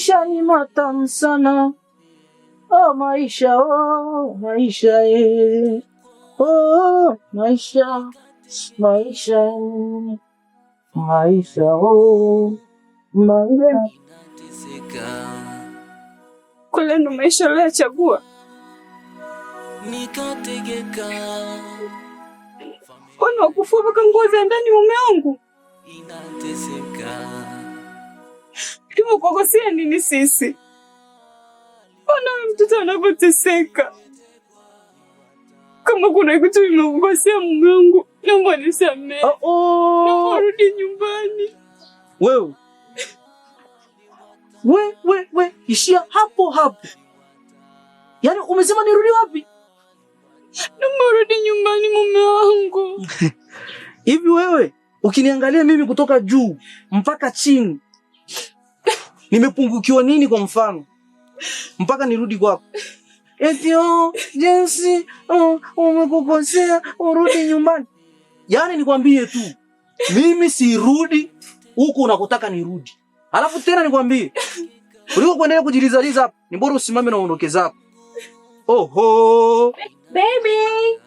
maisha ni matamu sana oh, maisha oh, maisha eh. oh, maisha maisha maisha oh, maisha kule ndo maisha aliyochagua kwani wakufua mpaka nguo za ndani mume wangu Tumekukosea nini sisi? Mbona mtoto anapoteseka? Kama kuna kitu nimekukosea Mungu, naomba nisamehe. Oh, oh. Naomba rudi nyumbani. Wewe. We, we, we, ishia hapo hapo. Yaani umesema nirudi wapi? Naomba rudi nyumbani mume wangu. Hivi wewe ukiniangalia mimi kutoka juu mpaka chini Nimepungukiwa nini kwa mfano mpaka nirudi kwako? Eti oh, jinsi oh, umekukosea urudi nyumbani. Yaani nikwambie tu mimi sirudi huko unakotaka nirudi. Alafu tena nikwambie kuliko kuendelea kujilizaliza hapa, ni bora usimame na uondoke zako. Oho. Baby.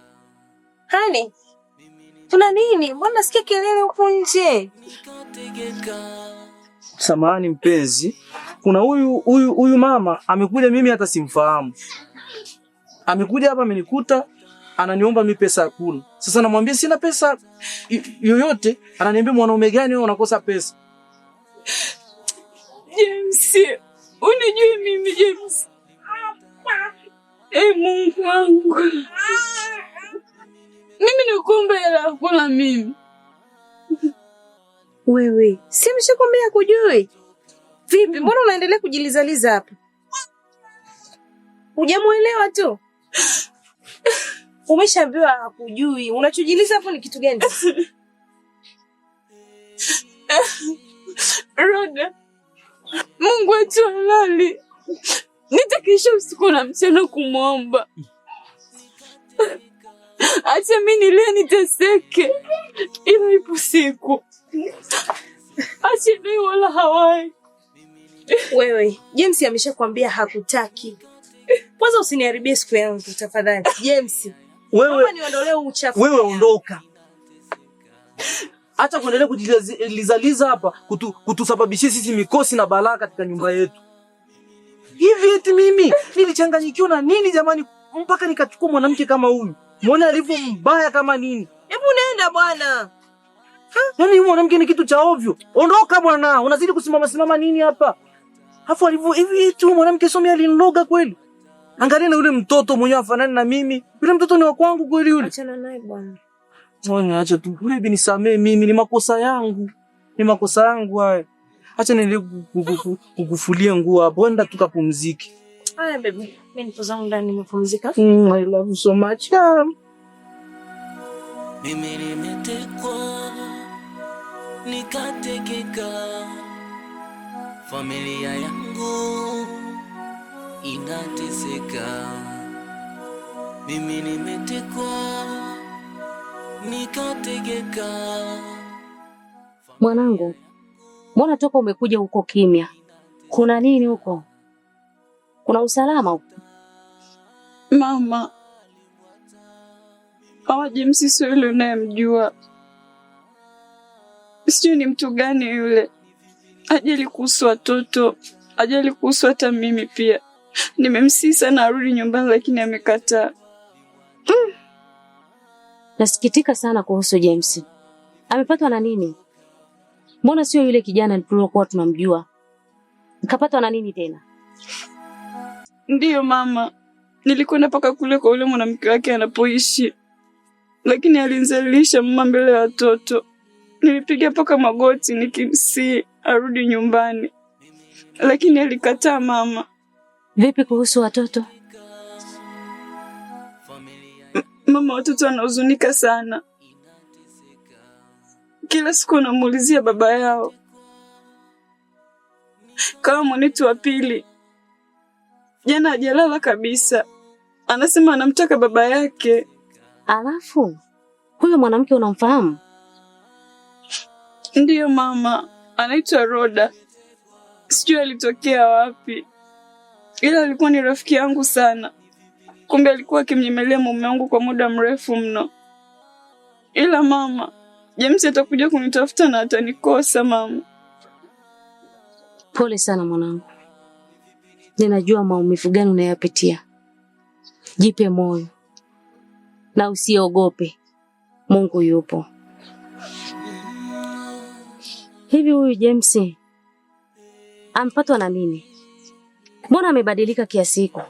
Honey. Tuna nini? Mbona nasikia kelele huko nje? samahani mpenzi, kuna huyu huyu huyu mama amekuja, mimi hata simfahamu, amekuja hapa amenikuta ananiomba mi pesa ya kula. Sasa namwambia sina pesa yoyote, ananiambia mwanaume gani wewe unakosa pesa? James, unijui mimi James. Hey, ee Mungu wangu, ah. mimi nakuomba hela kula mimi wewe si mshakwambia kujui vipi? Mbona unaendelea kujilizaliza hapa? Hujamuelewa tu umeshaambiwa hakujui. Unachojiliza hapo ni kitu gani? Roda, Mungu wetu halali, nitakisha usiku na mchana kumwomba acha mi nilie niteseke, ila ipo siku Achiliwi wala hawai. Wewe James ameshakwambia hakutaki. Kwanza usiniharibie siku yangu tafadhali James. Wewe niondolee uchafu. Wewe ondoka. Acha kuendelea kujilizaliza hapa kutu, kutusababishia sisi mikosi na balaa katika nyumba yetu. Hivi eti mimi nilichanganyikiwa na nini jamani, mpaka nikachukua mwanamke kama huyu? Muone alivyo mbaya kama nini. Hebu nenda bwana. Yaani huyu mwanamke ni kitu cha ovyo. Ondoka bwana, unazidi kusimama simama nini hapa? Hafu alivyo hivi tu mwanamke somi alinoga kweli. Angalia na yule mtoto mwenyewe afanani na mimi. Yule mtoto ni wa kwangu kweli yule. Achana naye bwana. Bwana acha tu. Wewe binisamee mimi ni makosa yangu. Ni makosa yangu haya. Acha niende kukufulia nguo hapo. Enda tukapumzike. Haya baby. Mimi nipo zangu ndani nimepumzika. Mm, I love you so much. Mimi nimetekwa nikatekeka, familia yangu inateseka, mimi nimetekwa, nikategeka. Mwanangu, mbona toka umekuja huko kimya? Kuna nini huko? Kuna usalama huko? Mama, Mama Jimsi sio yule unayemjua sijui ni mtu gani yule, ajali kuhusu watoto, ajali kuhusu hata mimi pia. Nimemsihi sana arudi nyumbani, lakini amekataa. Mm. Nasikitika sana kuhusu James. Amepatwa na nini? Mbona sio yule kijana tuliokuwa tunamjua? Kapatwa na nini tena? Ndiyo mama, nilikwenda mpaka kule kwa yule mwanamke wake anapoishi, lakini alinzalilisha mama mbele ya watoto. Nilipiga mpaka magoti nikimsihi arudi nyumbani, lakini alikataa. Mama, vipi kuhusu watoto? M mama, watoto wanahuzunika sana, kila siku wanamuulizia baba yao kama mwanetu wa pili jana hajalala kabisa, anasema anamtaka baba yake. Alafu huyo mwanamke unamfahamu? Ndiyo mama, anaitwa Roda. Sijui alitokea wapi, ila alikuwa ni rafiki yangu sana. Kumbe alikuwa akimnyemelea mume wangu kwa muda mrefu mno. Ila mama, James atakuja kunitafuta na atanikosa mama. Pole sana mwanangu, ninajua maumivu gani unayapitia. Jipe moyo na usiogope, Mungu yupo. Hivi huyu James ampatwa na nini? Mbona amebadilika kiasi hiko?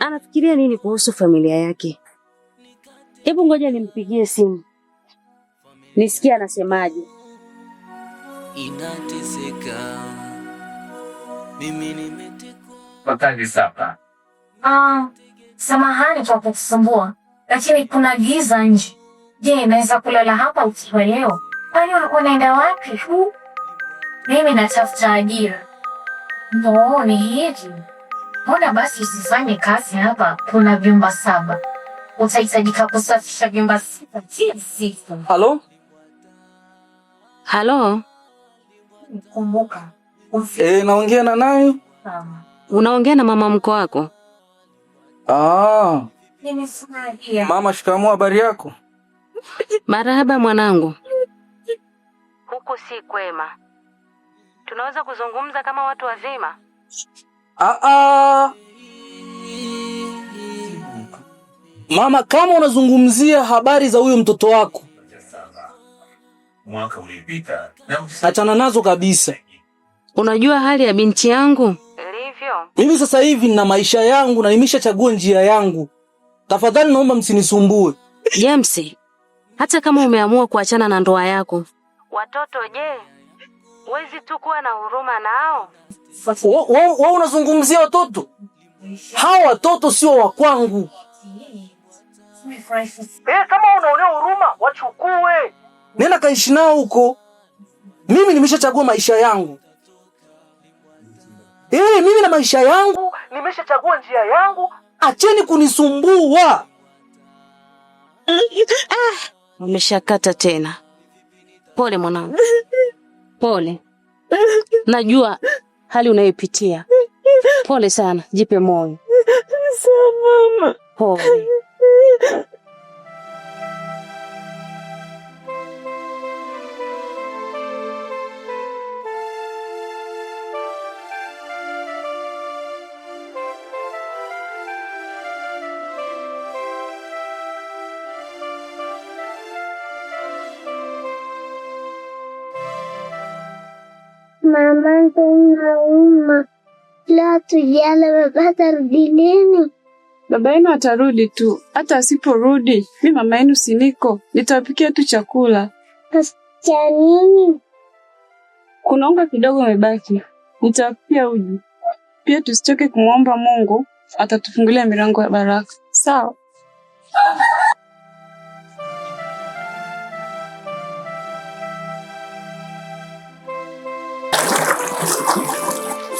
Anafikiria nini kuhusu familia yake? Hebu ngoja nimpigie simu nisikie anasemaje. Inateseka mimi nimetekwa. Ah, samahani kwa kukusumbua, lakini kuna giza nje. Je, naweza kulala hapa usiku leo? Kwani ulikuwa unaenda wapi hu? Mimi natafuta ajira. No, ni hivi. Mbona basi usifanye kazi hapa? Kuna vyumba saba, utahitajika kusafisha vyumba sita kila siku. Halo, halo, kumbuka. E, naongea na nani? Unaongea na mama mko wako? Ah, mama, shikamoo. Habari yako? Marahaba mwanangu. Huku si kwema. Tunaweza kuzungumza kama watu wazima? ah. mama, kama unazungumzia habari za huyo mtoto wako mwaka ulipita, achana nazo kabisa. Unajua hali ya binti yangu ilivyo. Mimi sasa hivi nina maisha yangu na nimeshachagua njia yangu. Tafadhali naomba msinisumbue. James, hata kama umeamua kuachana na ndoa yako. Watoto je, wezi tu kuwa na huruma nao? Wewe unazungumzia watoto hawa? Watoto sio wa kwangu. Eh, kama unaonea huruma wachukue, nenda kaishi nao huko. Mimi nimeshachagua maisha yangu. Eh, mimi na maisha yangu nimeshachagua njia yangu. Acheni kunisumbua. Ah, Umeshakata tena. Pole mwanangu, pole. Najua hali unayopitia, pole sana. Jipe moyo. Pole. mamando una umma, la tujala baba atarudi lini? Baba yenu atarudi tu, hata asiporudi mi mama yenu siniko, nitawapikia tu chakula cha nini. Kuna unga kidogo umebaki, nitawapikia uji pia. Tusichoke kumwomba Mungu, atatufungulia milango ya baraka. Sawa.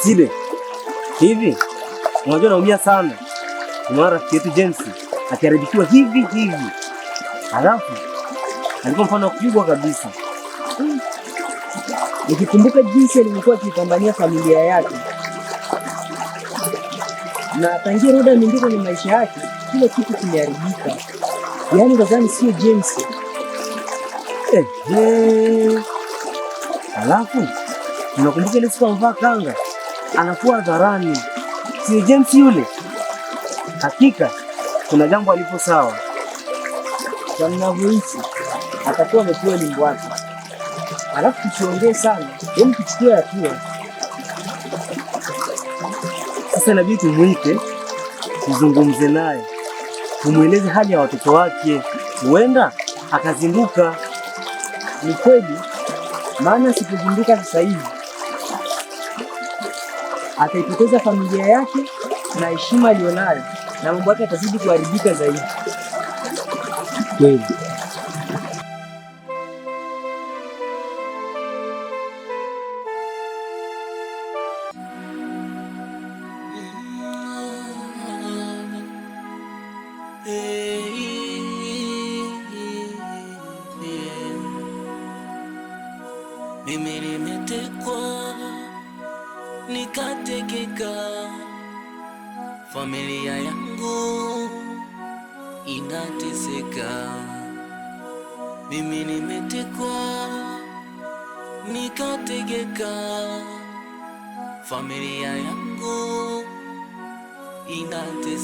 zile. Hivi unajua naumia sana, umeona rafiki yetu James akiharibikiwa hivi hivi, halafu alikuwa mfano kubwa kabisa. Nikikumbuka jinsi alivyokuwa akipambania familia yake na tangia Roda mingi kwenye maisha yake, kila kitu kimeharibika. Yaani kazani sio James. Halafu eh, eh. unakumbuka ile siku amvaa kanga anakuwa dharani. Si James yule? Hakika kuna jambo alipo sawa, kwa ninavyohisi atakuwa amepewa ni wake. Alafu tusiongee sana, hem, tuchukue hatua sasa. Inabidi tumwite, tuzungumze naye, tumweleze hali ya watoto wake, huenda akazinduka. Ni kweli, maana sikuzinduka sasa hivi ataipoteza familia yake na heshima aliyonayo, na mambo yake atazidi kuharibika zaidi. Kweli. Mimi nimetekwa nikatekeka, familia yangu inateseka, mimi nimetekwa, nikatekeka, familia yangu inateseka.